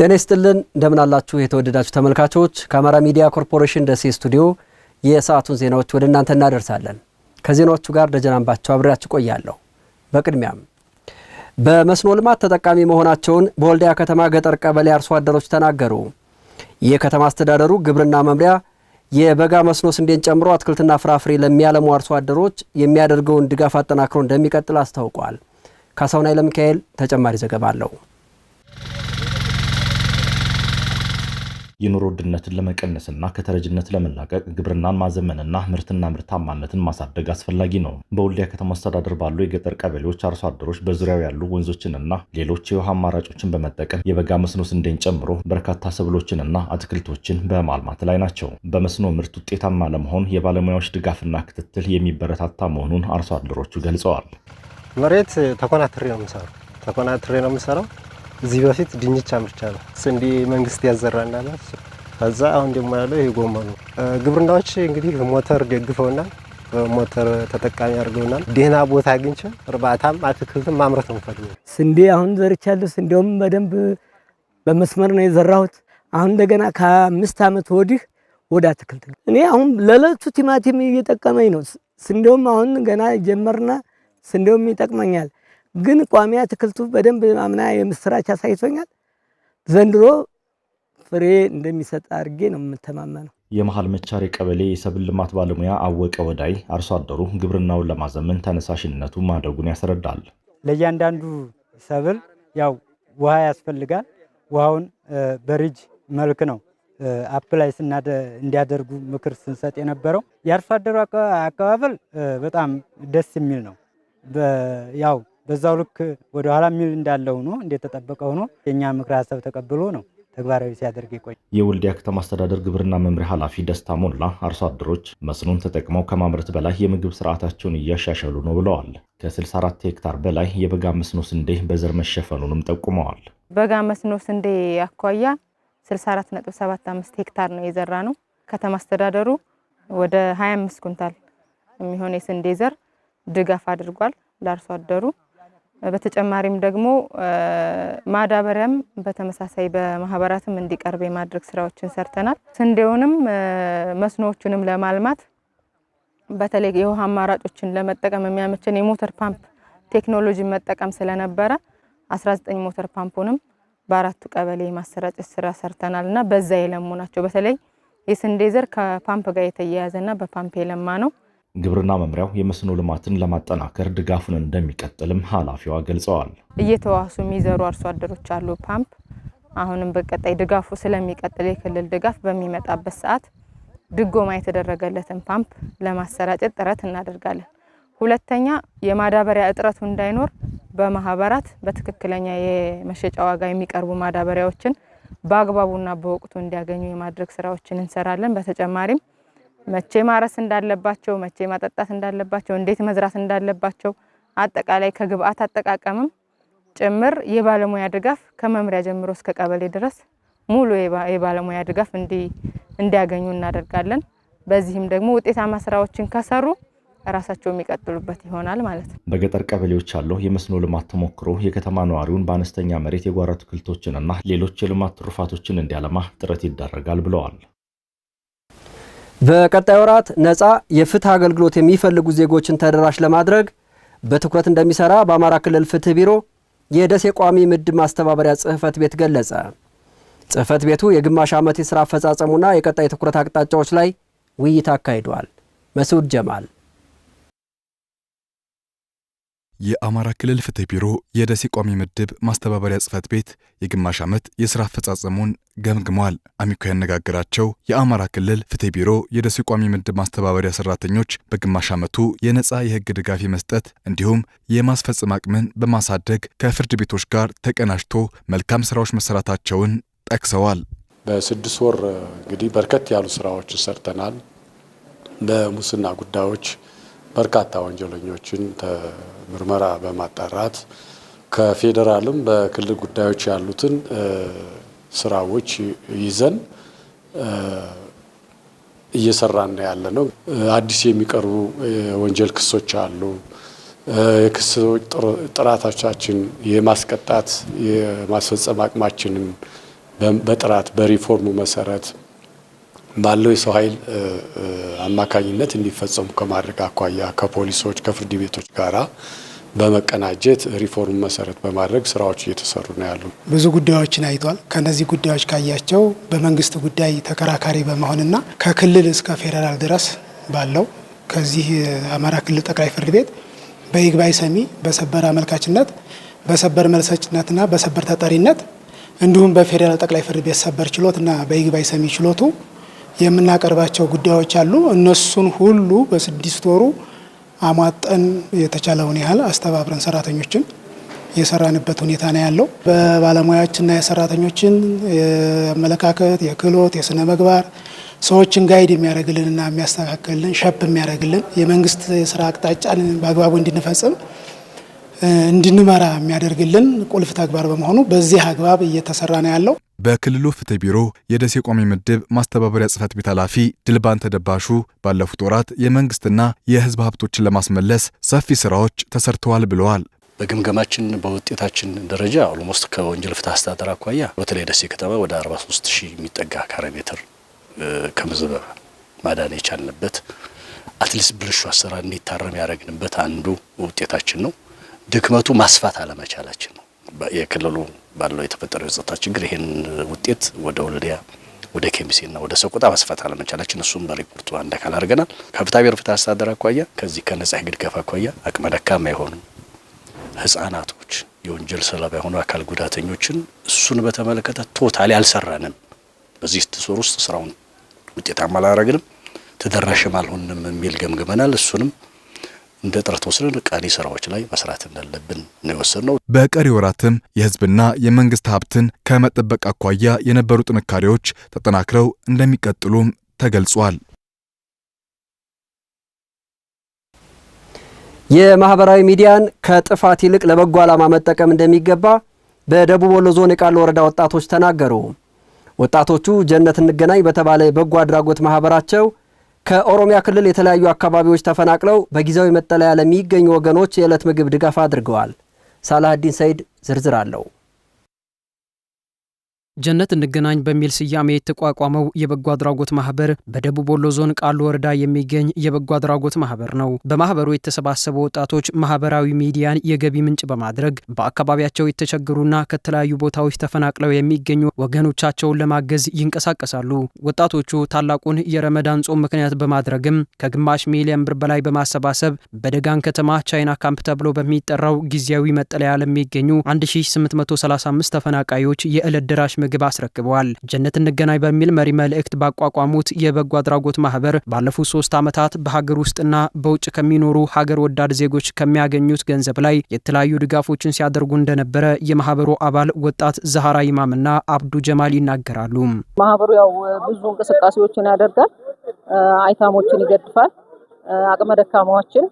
ጤና ይስጥልን እንደምን አላችሁ የተወደዳችሁ ተመልካቾች። ከአማራ ሚዲያ ኮርፖሬሽን ደሴ ስቱዲዮ የሰዓቱን ዜናዎች ወደ እናንተ እናደርሳለን። ከዜናዎቹ ጋር ደጀናንባቸው አብሬያችሁ ቆያለሁ። በቅድሚያም በመስኖ ልማት ተጠቃሚ መሆናቸውን በወልዲያ ከተማ ገጠር ቀበሌ አርሶ አደሮች ተናገሩ። የከተማ አስተዳደሩ ግብርና መምሪያ የበጋ መስኖ ስንዴን ጨምሮ አትክልትና ፍራፍሬ ለሚያለሙ አርሶ አደሮች የሚያደርገውን ድጋፍ አጠናክሮ እንደሚቀጥል አስታውቋል። ካሳሁን ኃይለሚካኤል ተጨማሪ ዘገባ አለው። የኑሮ ውድነትን ለመቀነስና ከተረጅነት ለመላቀቅ ግብርናን ማዘመንና ምርትና ምርታማነትን ማሳደግ አስፈላጊ ነው። በወልዲያ ከተማ አስተዳደር ባሉ የገጠር ቀበሌዎች አርሶ አደሮች በዙሪያው ያሉ ወንዞችንና ሌሎች የውሃ አማራጮችን በመጠቀም የበጋ መስኖ ስንዴን ጨምሮ በርካታ ሰብሎችንና አትክልቶችን በማልማት ላይ ናቸው። በመስኖ ምርት ውጤታማ ለመሆን የባለሙያዎች ድጋፍና ክትትል የሚበረታታ መሆኑን አርሶ አደሮቹ ገልጸዋል። መሬት ተኮናትሬ ነው የምሰራው ተኮናትሬ ነው የምሰራው እዚህ በፊት ድንች አምርቻለሁ። ስንዴ መንግስት ያዘራና ከዛ አሁን ደግሞ ያለው ይሄ ጎመኑ። ግብርናዎች እንግዲህ ሞተር ደግፈውናል፣ ሞተር ተጠቃሚ አድርገውናል። ደህና ቦታ አግኝቼ እርባታም አትክልትም ማምረት ነው ስንዴ አሁን ዘርቻለሁ። ስንዴውም በደንብ በመስመር ነው የዘራሁት። አሁን እንደገና ከአምስት ዓመት ወዲህ ወደ አትክልት እኔ አሁን ለለቱ ቲማቲም እየጠቀመኝ ነው። ስንዴውም አሁን ገና ጀመርና ስንዴውም ይጠቅመኛል። ግን ቋሚ አትክልቱ በደንብ አምና የምስራች አሳይቶኛል። ዘንድሮ ፍሬ እንደሚሰጥ አድርጌ ነው የምተማመነው። የመሃል መቻሬ ቀበሌ የሰብል ልማት ባለሙያ አወቀ ወዳይ አርሶ አደሩ ግብርናውን ለማዘመን ተነሳሽነቱ ማደጉን ያስረዳል። ለእያንዳንዱ ሰብል ያው ውሃ ያስፈልጋል። ውሃውን በሪጅ መልክ ነው አፕላይ እንዲያደርጉ ምክር ስንሰጥ የነበረው። የአርሶ አደሩ አቀባበል በጣም ደስ የሚል ነው። ያው በዛው ልክ ወደ ኋላ የሚል እንዳለ ሆኖ እንደተጠበቀ ሆኖ የእኛ ምክረ ሀሳብ ተቀብሎ ነው ተግባራዊ ሲያደርግ ይቆይ። የወልዲያ ከተማ አስተዳደር ግብርና መምሪያ ኃላፊ ደስታ ሞላ አርሶ አደሮች መስኖን ተጠቅመው ከማምረት በላይ የምግብ ስርዓታቸውን እያሻሻሉ ነው ብለዋል። ከ64 ሄክታር በላይ የበጋ መስኖ ስንዴ በዘር መሸፈኑንም ጠቁመዋል። በጋ መስኖ ስንዴ አኳያ 64.75 ሄክታር ነው የዘራ ነው። ከተማ አስተዳደሩ ወደ 25 ኩንታል የሚሆን የስንዴ ዘር ድጋፍ አድርጓል ለአርሶ አደሩ በተጨማሪም ደግሞ ማዳበሪያም በተመሳሳይ በማህበራትም እንዲቀርብ የማድረግ ስራዎችን ሰርተናል። ስንዴውንም መስኖዎቹንም ለማልማት በተለይ የውሃ አማራጮችን ለመጠቀም የሚያመችን የሞተር ፓምፕ ቴክኖሎጂ መጠቀም ስለነበረ 19 ሞተር ፓምፑንም በአራቱ ቀበሌ የማሰራጨት ስራ ሰርተናል እና በዛ የለሙ ናቸው። በተለይ የስንዴ ዘር ከፓምፕ ጋር የተያያዘ እና በፓምፕ የለማ ነው። ግብርና መምሪያው የመስኖ ልማትን ለማጠናከር ድጋፉን እንደሚቀጥልም ኃላፊዋ ገልጸዋል። እየተዋሱ የሚዘሩ አርሶ አደሮች አሉ። ፓምፕ አሁንም በቀጣይ ድጋፉ ስለሚቀጥል የክልል ድጋፍ በሚመጣበት ሰዓት ድጎማ የተደረገለትን ፓምፕ ለማሰራጨት ጥረት እናደርጋለን። ሁለተኛ የማዳበሪያ እጥረቱ እንዳይኖር በማህበራት በትክክለኛ የመሸጫ ዋጋ የሚቀርቡ ማዳበሪያዎችን በአግባቡና በወቅቱ እንዲያገኙ የማድረግ ስራዎችን እንሰራለን። በተጨማሪም መቼ ማረስ እንዳለባቸው፣ መቼ ማጠጣት እንዳለባቸው፣ እንዴት መዝራት እንዳለባቸው አጠቃላይ ከግብአት አጠቃቀምም ጭምር የባለሙያ ድጋፍ ከመምሪያ ጀምሮ እስከ ቀበሌ ድረስ ሙሉ የባለሙያ ድጋፍ እንዲያገኙ እናደርጋለን። በዚህም ደግሞ ውጤታማ ስራዎችን ከሰሩ ራሳቸው የሚቀጥሉበት ይሆናል ማለት ነው። በገጠር ቀበሌዎች ያለው የመስኖ ልማት ተሞክሮ የከተማ ነዋሪውን በአነስተኛ መሬት የጓሮ አትክልቶችንና ሌሎች የልማት ትሩፋቶችን እንዲያለማ ጥረት ይደረጋል ብለዋል። በቀጣይ ወራት ነፃ የፍትህ አገልግሎት የሚፈልጉ ዜጎችን ተደራሽ ለማድረግ በትኩረት እንደሚሰራ በአማራ ክልል ፍትህ ቢሮ የደሴ ቋሚ ምድብ ማስተባበሪያ ጽህፈት ቤት ገለጸ። ጽህፈት ቤቱ የግማሽ ዓመት የሥራ አፈጻጸሙና የቀጣይ ትኩረት አቅጣጫዎች ላይ ውይይት አካሂዷል። መስዑድ ጀማል የአማራ ክልል ፍትህ ቢሮ የደሴ ቋሚ ምድብ ማስተባበሪያ ጽህፈት ቤት የግማሽ ዓመት የሥራ አፈጻጸሙን ገምግመዋል። አሚኮ ያነጋገራቸው የአማራ ክልል ፍትህ ቢሮ የደሴ ቋሚ ምድብ ማስተባበሪያ ሠራተኞች በግማሽ ዓመቱ የነፃ የሕግ ድጋፍ መስጠት እንዲሁም የማስፈጸም አቅምን በማሳደግ ከፍርድ ቤቶች ጋር ተቀናጅቶ መልካም ሥራዎች መሰራታቸውን ጠቅሰዋል። በስድስት ወር እንግዲህ በርከት ያሉ ሥራዎች ሰርተናል። በሙስና ጉዳዮች በርካታ ወንጀለኞችን ምርመራ በማጣራት ከፌዴራልም በክልል ጉዳዮች ያሉትን ስራዎች ይዘን እየሰራን ያለ ነው። አዲስ የሚቀርቡ ወንጀል ክሶች አሉ። የክሶች ጥራታቻችን የማስቀጣት የማስፈጸም አቅማችንን በጥራት በሪፎርሙ መሰረት ባለው የሰው ኃይል አማካኝነት እንዲፈጸሙ ከማድረግ አኳያ ከፖሊሶች ከፍርድ ቤቶች ጋራ በመቀናጀት ሪፎርም መሰረት በማድረግ ስራዎች እየተሰሩ ነው ያሉ። ብዙ ጉዳዮችን አይቷል። ከነዚህ ጉዳዮች ካያቸው በመንግስት ጉዳይ ተከራካሪ በመሆንና ከክልል እስከ ፌዴራል ድረስ ባለው ከዚህ አማራ ክልል ጠቅላይ ፍርድ ቤት በይግባይ ሰሚ፣ በሰበር አመልካችነት፣ በሰበር መልሰጭነትና በሰበር ተጠሪነት እንዲሁም በፌዴራል ጠቅላይ ፍርድ ቤት ሰበር ችሎት እና በይግባይ ሰሚ ችሎቱ የምናቀርባቸው ጉዳዮች አሉ። እነሱን ሁሉ በስድስት ወሩ አሟጠን የተቻለውን ያህል አስተባብረን ሰራተኞችን የሰራንበት ሁኔታ ነው ያለው። በባለሙያዎችና የሰራተኞችን የአመለካከት፣ የክህሎት፣ የስነ ምግባር ሰዎችን ጋይድ የሚያደርግልንና የሚያስተካክልልን ሸፕ የሚያደርግልን የመንግስት የስራ አቅጣጫን በአግባቡ እንድንፈጽም እንድንመራ የሚያደርግልን ቁልፍ ተግባር በመሆኑ በዚህ አግባብ እየተሰራ ነው ያለው። በክልሉ ፍትህ ቢሮ የደሴ ቋሚ ምድብ ማስተባበሪያ ጽህፈት ቤት ኃላፊ ድልባን ተደባሹ ባለፉት ወራት የመንግስትና የህዝብ ሀብቶችን ለማስመለስ ሰፊ ስራዎች ተሰርተዋል ብለዋል። በግምገማችን በውጤታችን ደረጃ ኦልሞስት ከወንጀል ፍትህ አስተዳደር አኳያ በተለይ ደሴ ከተማ ወደ 43 ሺህ የሚጠጋ ካሬ ሜትር ከምዝበባ ማዳን የቻልንበት አትሊስት ብልሹ አሰራር እንዲታረም ያደረግንበት አንዱ ውጤታችን ነው። ድክመቱ ማስፋት አለመቻላችን ነው። የክልሉ ባለው የተፈጠረው የጸጥታ ችግር ይህን ውጤት ወደ ወልዲያ ወደ ኬሚሴና ወደ ሰቆጣ ማስፋት አለመቻላችን እሱም በሪፖርቱ አንድ አካል አድርገናል። ከፍታ ብሔር ፍትህ አስተዳደር አኳያ ከዚህ ከነጻ ግድገፍ አኳያ አቅመ ደካማ የሆኑ ህጻናቶች፣ የወንጀል ሰለባ የሆኑ አካል ጉዳተኞችን እሱን በተመለከተ ቶታሊ አልሰራንም። በዚህ ስትሶር ውስጥ ስራውን ውጤታማ አላረግንም፣ ተደራሽም አልሆንም የሚል ገምግመናል። እሱንም እንደ ጥረት ወስደን ቀሪ ስራዎች ላይ መስራት እንዳለብን ነው የወሰንነው። በቀሪ ወራትም የህዝብና የመንግስት ሀብትን ከመጠበቅ አኳያ የነበሩ ጥንካሬዎች ተጠናክረው እንደሚቀጥሉም ተገልጿል። የማህበራዊ ሚዲያን ከጥፋት ይልቅ ለበጎ ዓላማ መጠቀም እንደሚገባ በደቡብ ወሎ ዞን የቃሉ ወረዳ ወጣቶች ተናገሩ። ወጣቶቹ ጀነት እንገናኝ በተባለ በጎ አድራጎት ማህበራቸው ከኦሮሚያ ክልል የተለያዩ አካባቢዎች ተፈናቅለው በጊዜያዊ መጠለያ ለሚገኙ ወገኖች የዕለት ምግብ ድጋፍ አድርገዋል። ሳላሀዲን ሰይድ ዝርዝር አለው። ጀነት እንገናኝ በሚል ስያሜ የተቋቋመው የበጎ አድራጎት ማህበር በደቡብ ወሎ ዞን ቃሉ ወረዳ የሚገኝ የበጎ አድራጎት ማህበር ነው። በማህበሩ የተሰባሰቡ ወጣቶች ማህበራዊ ሚዲያን የገቢ ምንጭ በማድረግ በአካባቢያቸው የተቸገሩና ከተለያዩ ቦታዎች ተፈናቅለው የሚገኙ ወገኖቻቸውን ለማገዝ ይንቀሳቀሳሉ። ወጣቶቹ ታላቁን የረመዳን ጾም ምክንያት በማድረግም ከግማሽ ሚሊዮን ብር በላይ በማሰባሰብ በደጋን ከተማ ቻይና ካምፕ ተብሎ በሚጠራው ጊዜያዊ መጠለያ ለሚገኙ 1835 ተፈናቃዮች የዕለት ደራሽ ምግብ አስረክበዋል። ጀነት እንገናኝ በሚል መሪ መልእክት ባቋቋሙት የበጎ አድራጎት ማህበር ባለፉት ሶስት ዓመታት በሀገር ውስጥና በውጭ ከሚኖሩ ሀገር ወዳድ ዜጎች ከሚያገኙት ገንዘብ ላይ የተለያዩ ድጋፎችን ሲያደርጉ እንደነበረ የማህበሩ አባል ወጣት ዛሃራ ይማምና አብዱ ጀማል ይናገራሉ። ማህበሩ ያው ብዙ እንቅስቃሴዎችን ያደርጋል። አይታሞችን ይገድፋል። አቅመ ደካማዎችን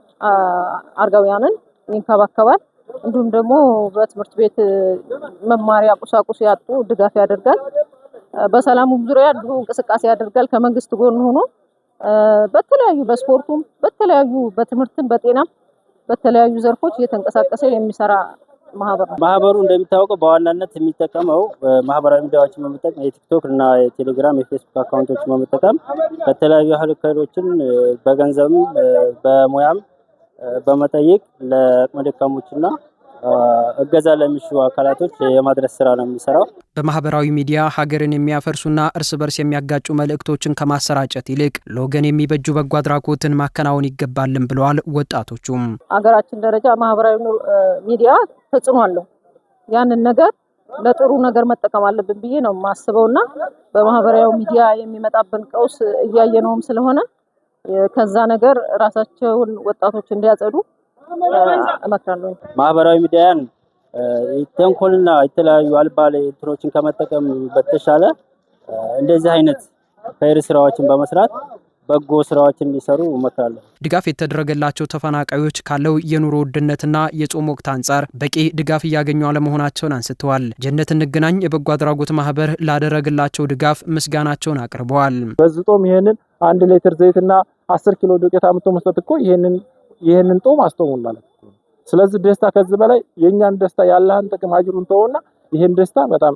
አርጋውያንን ይንከባከባል። እንዲሁም ደግሞ በትምህርት ቤት መማሪያ ቁሳቁስ ያጡ ድጋፍ ያደርጋል። በሰላሙም ዙሪያ እንዲሁ እንቅስቃሴ ያደርጋል ከመንግስት ጎን ሆኖ በተለያዩ በስፖርቱም፣ በተለያዩ በትምህርትም፣ በጤናም በተለያዩ ዘርፎች እየተንቀሳቀሰ የሚሰራ ማህበር ነው። ማህበሩ እንደሚታወቀው በዋናነት የሚጠቀመው ማህበራዊ ሚዲያዎችን በመጠቀም የቲክቶክ እና የቴሌግራም የፌስቡክ አካውንቶችን በመጠቀም በተለያዩ ያህል በገንዘብም በሙያም በመጠየቅ ለአቅመ ደካሞችና እገዛ ለሚሹ አካላቶች የማድረስ ስራ ነው የሚሰራው። በማህበራዊ ሚዲያ ሀገርን የሚያፈርሱና እርስ በርስ የሚያጋጩ መልእክቶችን ከማሰራጨት ይልቅ ለወገን የሚበጁ በጎ አድራጎትን ማከናወን ይገባልን ብለዋል። ወጣቶቹም አገራችን ደረጃ ማህበራዊ ሚዲያ ተጽዕኖ አለው። ያንን ነገር ለጥሩ ነገር መጠቀም አለብን ብዬ ነው የማስበውና በማህበራዊ ሚዲያ የሚመጣብን ቀውስ እያየነውም ስለሆነ ከዛ ነገር ራሳቸውን ወጣቶች እንዲያጸዱ እመክራለሁ። ማህበራዊ ሚዲያን ተንኮልና የተለያዩ አልባሌ እንትኖችን ከመጠቀም በተሻለ እንደዚህ አይነት ከይር ስራዎችን በመስራት በጎ ስራዎች እንዲሰሩ እመክራለሁ። ድጋፍ የተደረገላቸው ተፈናቃዮች ካለው የኑሮ ውድነትና የጾም ወቅት አንጻር በቂ ድጋፍ እያገኙ አለመሆናቸውን አንስተዋል። ጀነት እንገናኝ የበጎ አድራጎት ማህበር ላደረገላቸው ድጋፍ ምስጋናቸውን አቅርበዋል። በዚህ ጦም ይህንን አንድ ሌትር ዘይትና አስር ኪሎ ዱቄት አምቶ መስጠት እኮ ይህንን ጦም ጾም ማለት ስለዚህ ደስታ ከዚህ በላይ የእኛን ደስታ ያለህን ጥቅም አጅሩን ተወና ይህን ደስታ በጣም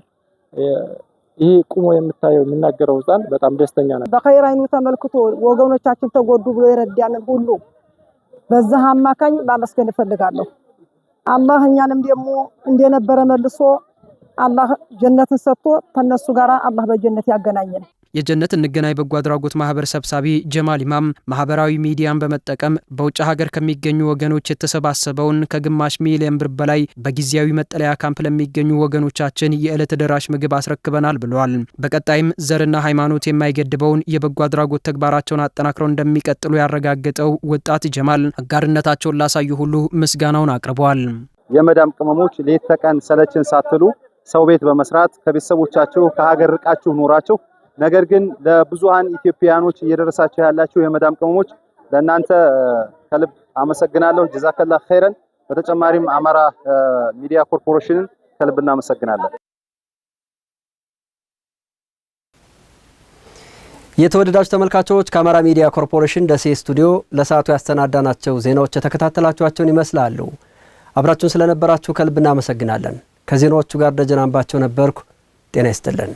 ይህ ቁሞ የምታየው የሚናገረው ህፃን በጣም ደስተኛ ነው። በኸይር አይኑ ተመልክቶ ወገኖቻችን ተጎዱ ብሎ የረዳንን ሁሉ በዛ አማካኝ ማመስገን እፈልጋለሁ። አላህ እኛንም ደግሞ እንደነበረ መልሶ አላህ ጀነትን ሰጥቶ ከነሱ ጋር አላህ በጀነት ያገናኘን። የጀነት እንገናኝ በጎ አድራጎት ማህበር ሰብሳቢ ጀማል ኢማም ማህበራዊ ሚዲያን በመጠቀም በውጭ ሀገር ከሚገኙ ወገኖች የተሰባሰበውን ከግማሽ ሚሊየን ብር በላይ በጊዜያዊ መጠለያ ካምፕ ለሚገኙ ወገኖቻችን የዕለት ደራሽ ምግብ አስረክበናል ብለዋል። በቀጣይም ዘርና ሃይማኖት የማይገድበውን የበጎ አድራጎት ተግባራቸውን አጠናክረው እንደሚቀጥሉ ያረጋገጠው ወጣት ጀማል አጋርነታቸውን ላሳዩ ሁሉ ምስጋናውን አቅርበዋል። የመዳም ቅመሞች ሌት ተቀን ሰለችን ሳትሉ ሰው ቤት በመስራት ከቤተሰቦቻችሁ ከሀገር ርቃችሁ ኖራችሁ ነገር ግን ለብዙሃን ኢትዮጵያውያኖች እየደረሳቸው ያላችሁ የመዳም ቅመሞች ለእናንተ ከልብ አመሰግናለሁ። ጀዛከላ ኸይረን። በተጨማሪም አማራ ሚዲያ ኮርፖሬሽንን ከልብ እናመሰግናለን። የተወደዳችሁ ተመልካቾች ከአማራ ሚዲያ ኮርፖሬሽን ደሴ ስቱዲዮ ለሰዓቱ ያስተናዳናቸው ዜናዎች የተከታተላችኋቸውን ይመስላሉ። አብራችሁን ስለነበራችሁ ከልብ እናመሰግናለን። ከዜናዎቹ ጋር ደጀን ነበርኩ። ጤና ይስጥልን።